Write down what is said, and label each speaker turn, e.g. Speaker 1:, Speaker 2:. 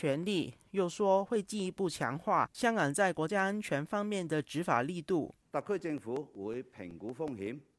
Speaker 1: 權力，又說會進一步強化香港在國家安全方面的執法力度。特區政府會評估風險。